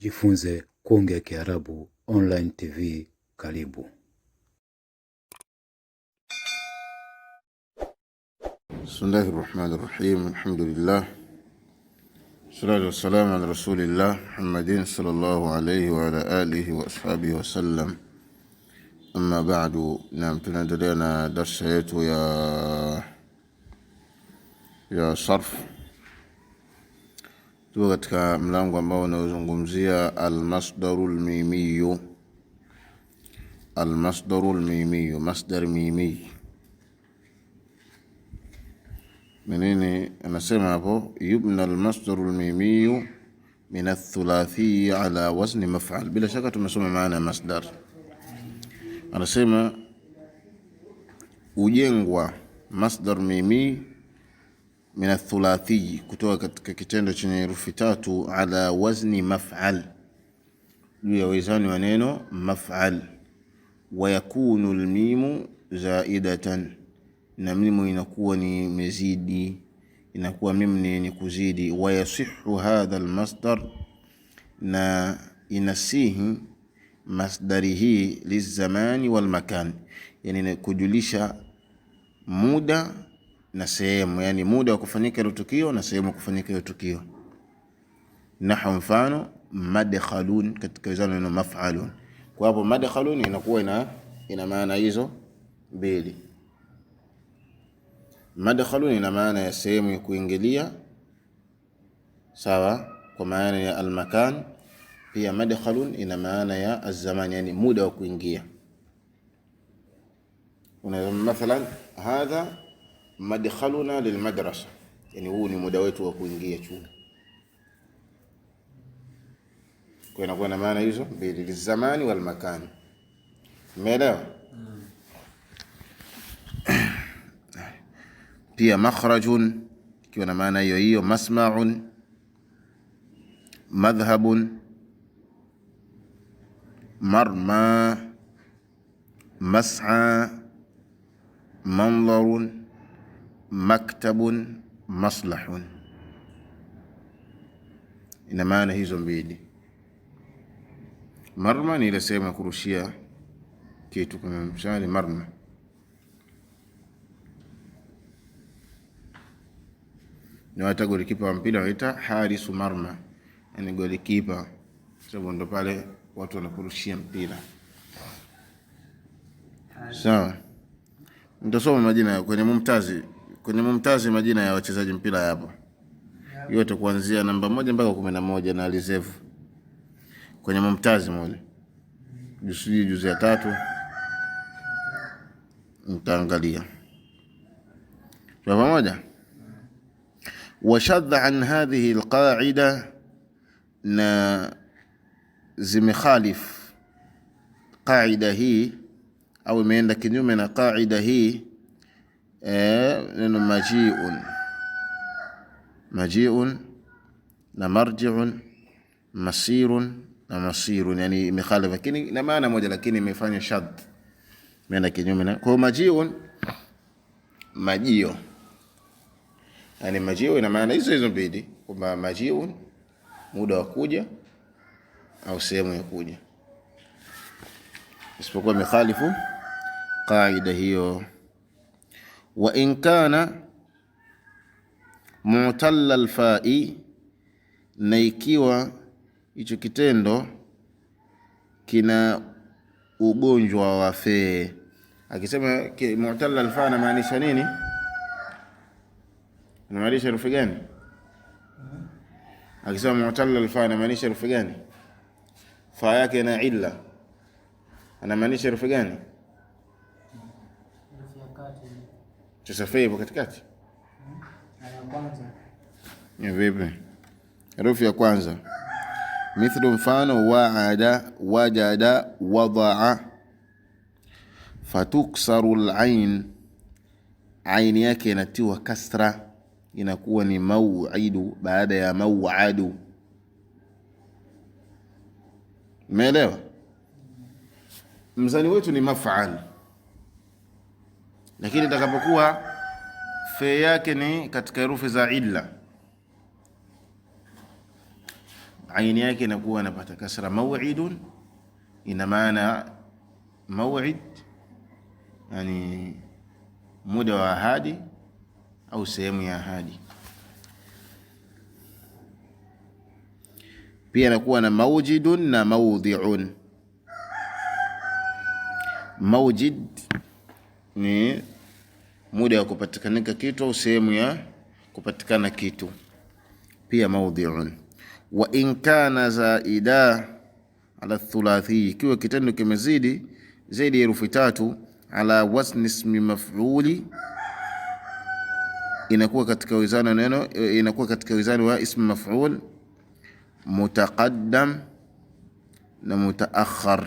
Jifunze kuongea Kiarabu online TV karibu. Bismillahi rahmani rahim, alhamdulillah salatu wassalamu ala rasulillah Muhammadin sallallahu alayhi wa ala alihi wa ashabihi wa sallam. amma ba'du. nam tunaendelea na darsa yetu ya ya sarf Tuko katika mlango ambao unaozungumzia almasdaru lmimiyu. Almasdaru lmimiyu, masdar mimi menene? Anasema hapo yubna almasdaru lmimiyu min athulathi ala wazni maf'al. Bila shaka tumesoma maana ya masdar. Anasema ujengwa masdar mimi min athulathi, kutoka katika kitendo chenye herufi tatu, ala wazni maf'al, juu ya wezani wa neno maf'al. Wa yakunu almimu zaidatan, na mimu inakuwa ni mezidi, inakuwa mimu ni kuzidi. Wa yasihu hadha almasdar, na inasihi masdari hii lizamani walmakan, yani kujulisha muda na sehemu, yani muda wa kufanyika hilo tukio na sehemu ya kufanyika hilo tukio. Nahu, mfano madkhalun, katika wizana neno maf'alun. Kwa hapo madkhalun inakuwa ina ina maana hizo mbili. Madkhalun ina maana ya sehemu ya kuingilia, sawa, kwa maana ya almakan. Pia madkhalun ina maana ya azamani, yani muda wa kuingia. Unaweza mathalan hadha madkhaluna lilmadrasa, yani huu ni muda wetu wa kuingia chuo. Kwa inakuwa na maana hizo mbili, lizamani wal makani. Umeelewa? Pia makhrajun ikiwa na maana hiyo hiyo, masmaun, madhhabun, marma, mas'a, mandharun maktabun maslahun, ina maana hizo mbili. Marma ni ile sehemu ya kurushia kitu, kwenye mshale marma. ni hata golikipa wa mpira wanaita harisu marma, yani golikipa, sababu ndo pale watu wanakurushia mpira. Sawa, nitasoma majina kwenye Mumtazi. Kwenye Mumtazi majina ya wachezaji mpira yapo yote kuanzia namba moja mpaka kumi na moja na reserve kwenye Mumtazi mule, juzi juzi ya tatu mtaangalia kwa pamoja. Washadha an hadhihi alqaida, na zimekhalif qaida hii au imeenda kinyume na qaida hii Eh, neno majiun, majiun na marjiun, masirun na masirun, yani imekhalifa, lakini ina maana moja, lakini imefanya shadh, imeenda kinyume na. Kwa majiun, majio, yani majio ina maana hizo hizo mbili, kwamba majiun muda wa kuja au sehemu ya kuja, isipokuwa imekhalifu kaida hiyo wa in kana mutalla alfai, na ikiwa hicho kitendo kina ugonjwa wa fee. Akisema mutalla alfaa anamaanisha nini? Anamaanisha herufi gani? Akisema mutalla alfaa anamaanisha herufi gani? fa yake na illa anamaanisha herufi gani? cha Safia hapo katikati hmm. eh, vipi? Herufi ya kwanza mithlu, mfano waada, wajada, wadaa. Fatuksaru lain, aini yake inatiwa kasra, inakuwa ni mauidu baada ya mauadu. Umeelewa? Mzani wetu ni maf'al lakini itakapokuwa fe yake ni katika herufi za illa, aini yake inakuwa inapata kasra. Maw'idun ina maana maw'id, yani muda wa ahadi au sehemu ya ahadi. Pia inakuwa na maujidun na maudhiun. Maujid ni muda wa kupatikanika kitu au sehemu ya kupatikana kitu, pia maudhiun. Wa in kana zaida ala thulathi, ikiwa kitendo kimezidi zaidi ya herufi tatu, ala wasni ismi maf'uli, inakuwa katika wizani neno, inakuwa katika wizani wa ismi maf'ul mutaqaddam na mutaakhar.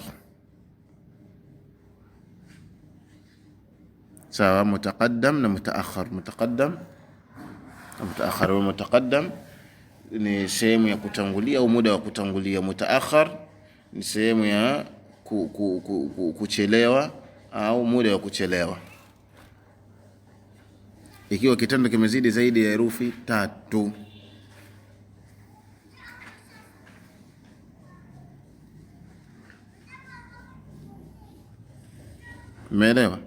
sawa mutaqaddam na mutaakhar. Mutaqaddam na mutaakhar. Mutaqaddam ni sehemu ya kutangulia au muda wa kutangulia. Mutaakhar ni sehemu ya ku, ku, ku, ku, kuchelewa au muda wa kuchelewa, ikiwa kitendo kimezidi zaidi ya herufi tatu. Umeelewa?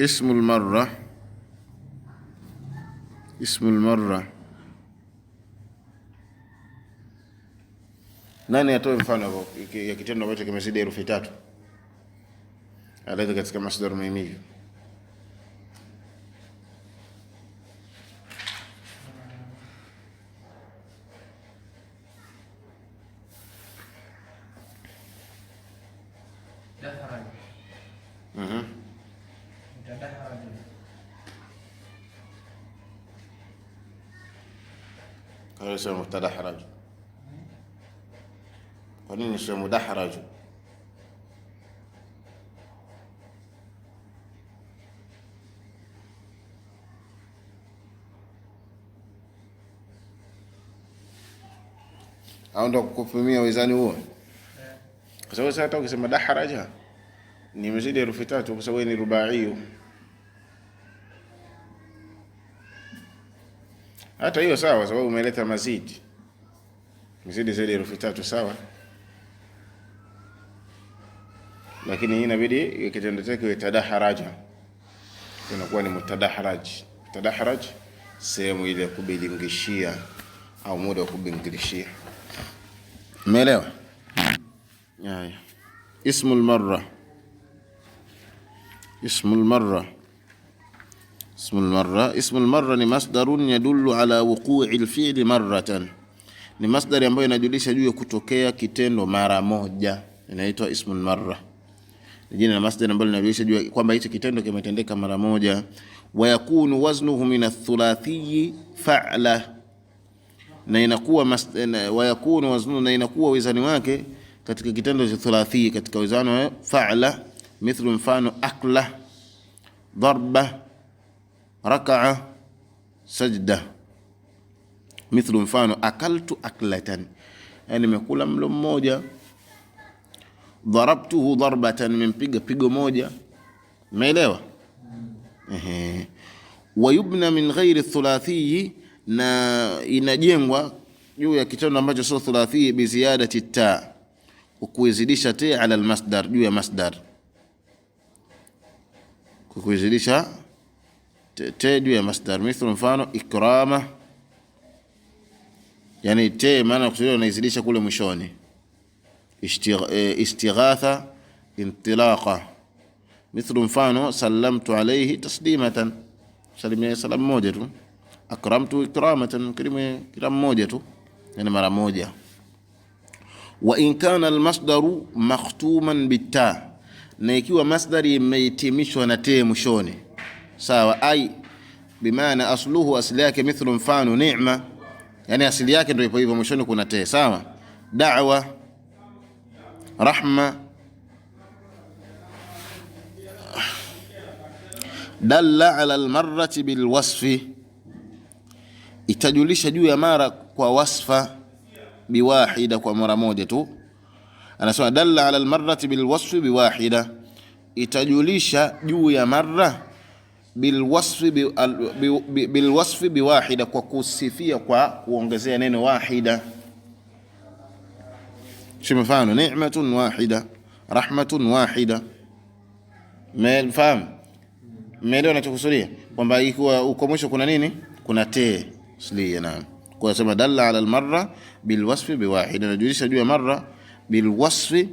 ismu lmarra, ismu lmarra. Nani atoe mfano ya kitendo ambacho kimezidi herufi tatu? Alete katika masdar muhimili. Sio mutadahraju. Kwa nini sio mudahraju? Au ndo kukupimia wizani huo? Kwa sababu sasa hata ukisema daharaja nimezidi herufi tatu, kwa sababu ni rubaiyu Hata hiyo sawa, sababu umeleta mazidi mazidi zaidi ya tatu, sawa. Lakini hii inabidi kitendo chake iwe tadaharaja, inakuwa ni mutadaharaj. Tadaharaj sehemu ile ya kubilingishia au muda wa kubingilishia. Umeelewa? Haya, ismul marra, ismul marra Ismul marra, ismul marra ni masdarun yadullu ala wuqu'i alfi'li marratan, ni masdari ambayo inajulisha juu ya kutokea kitendo mara moja, inaitwa ismul marra. Ni jina la masdari ambalo linajulisha juu kwamba hicho kitendo kimetendeka mara moja. Wa yakunu waznuhu min athulathi fa'la, na inakuwa wa yakunu waznuhu, na inakuwa wizani wake katika kitendo cha thulathi, katika fa'la, mithlu, mfano akla, darba rakaa sajda, mithlu mfano akaltu aklatan, yani nimekula mlo mmoja. Dharabtuhu darbatan, nimempiga pigo moja. Umeelewa? Ehe. Wayubna min ghairi thulathii, na inajengwa juu ya kitendo ambacho sio thulathii, biziadati ta, ukuizidisha ta ala almasdar, juu ya masdar kuizidisha tedu ya masdar mithlu, mfano ikrama, yani te maana kusudia unaizidisha kule mwishoni. Eh, istighatha, intilaqa, mithlu, mfano sallamtu alayhi taslimatan, salimia salamu moja tu. Akramtu ikramatan, karimu kiramu moja tu, yani mara moja. Wa in kana almasdaru makhtuman bitta, na ikiwa masdari imehitimishwa na te mwishoni sawa. Ai bimaana asluhu, asili yake mithlu, mfano neema, yani asili yake ndio ipo hivyo, mwishoni kuna te, sawa. Da'wa, rahma, dalla ala almarrati bilwasfi, itajulisha juu ya mara kwa wasfa, biwahida, kwa mara moja tu. Anasema dalla ala lmarati bilwasfi biwahida, itajulisha juu ya mara bilwasfi bi, bi, biwahida, kwa kusifia kwa kuongezea neno wahida. Si Mfano ni'matun wahida, rahmatun wahida. Mfahamu, meelewa nachokusudia kwamba ikiwa uko mwisho kuna nini? Kuna te aslia. Naam, kwa sema dalla ala almarra bilwasfi biwahida, najulisha juu ya marra bilwasfi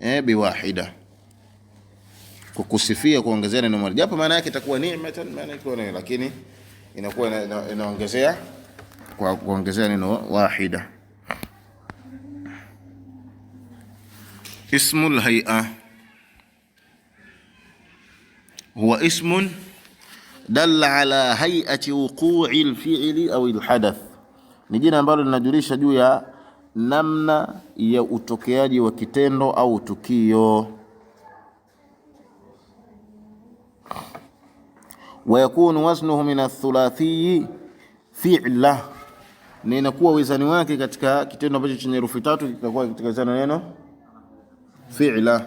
eh, biwahida kukusifia kuongezea neno moja, japo maana yake itakuwa ni'matan, maana iko neno, lakini inakuwa inaongezea kwa kuongezea neno wahida. Ismul hay'a huwa ismun dalla ala hay'ati wuqu'i alfi'li aw au ni jina ambalo linajulisha juu ya namna ya utokeaji wa kitendo au tukio. wa yakunu waznuhu min athulathi fi'la, na inakuwa wizani wake katika kitendo ambacho chenye herufi tatu kitakuwa katika wizani neno fi'la.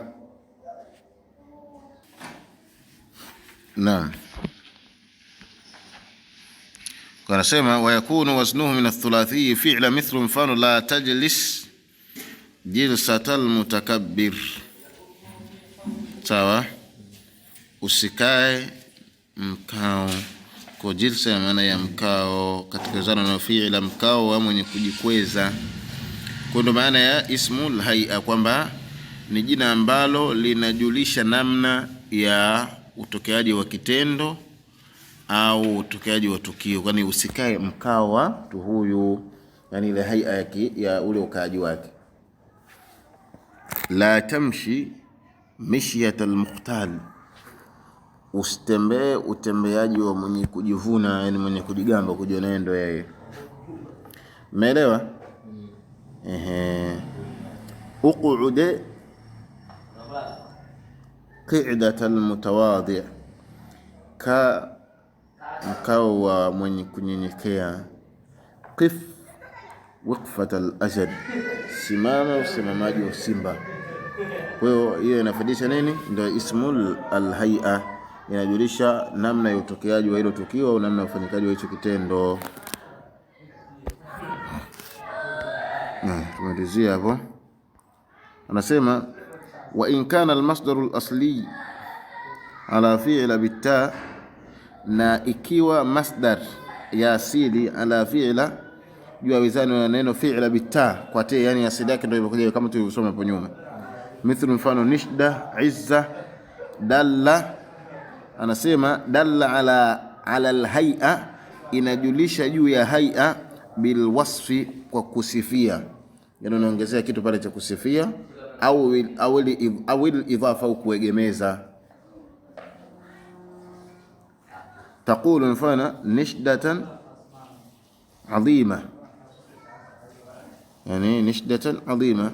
Naam, kanasema wa yakunu waznuhu min athulathi fi'la, mithlu mfano la tajlis jilsatal mutakabbir, sawa, usikae mkao kwa jilsa ya maana ya mkao katika zana na fi'il la mkao wa mwenye kujikweza. Kwa ndo maana ya ismul hay'a kwamba ni jina ambalo linajulisha namna ya utokeaji wa kitendo au utokeaji wa tukio, kwani usikae mkao wa mtu huyu, yani ile hay'a yake ya ule ukaaji wake. La tamshi mishyat al-muqtal usitembee utembeaji wa mwenye kujivuna, yani mwenye kujigamba, kujiona ndo yeye. Umeelewa? Mm. Ehe, uqude qidat almutawadhi, ka mkao wa mwenye kunyenyekea. Qif waqfat alajad, simama usimamaji wa simba. Kwa hiyo hiyo inafundisha nini? Ndio ismul alhay'a inajulisha namna ya utokeaji wa hilo tukio au namna ya ufanyikaji wa hicho kitendo. Eh, Tumalizia hapo, anasema wa in kana almasdaru alasli ala fi'la bitta, na ikiwa masdar ya asili ala fi'la juu ya wizani na neno fi'la bitta kwa te, yani asili yake ndio ilikuja kama tulivyosoma hapo nyuma, mithlu mfano nishda, izza, dalla anasema dalla ala, ala alhaia, inajulisha juu ya haia bilwasfi, kwa kusifia. Yani unaongezea kitu pale cha kusifia au awil idhafa au kuegemeza. Taqulu, mfano nishdatan adhima, yani nishdatan adhima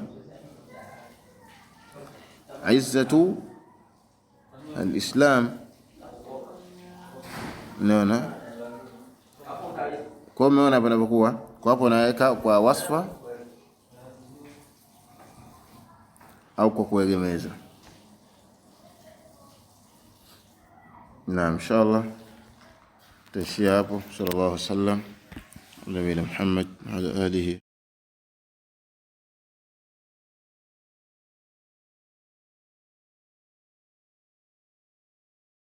izzatu alislam Unaona? Kwa umeona hapo inapokuwa? Kwa hapo unaweka kwa wasfa au kwa kuegemeza. Naam, inshallah tutaishia hapo. Sallallahu alaihi wasallam, Nabii Muhammad ala alihi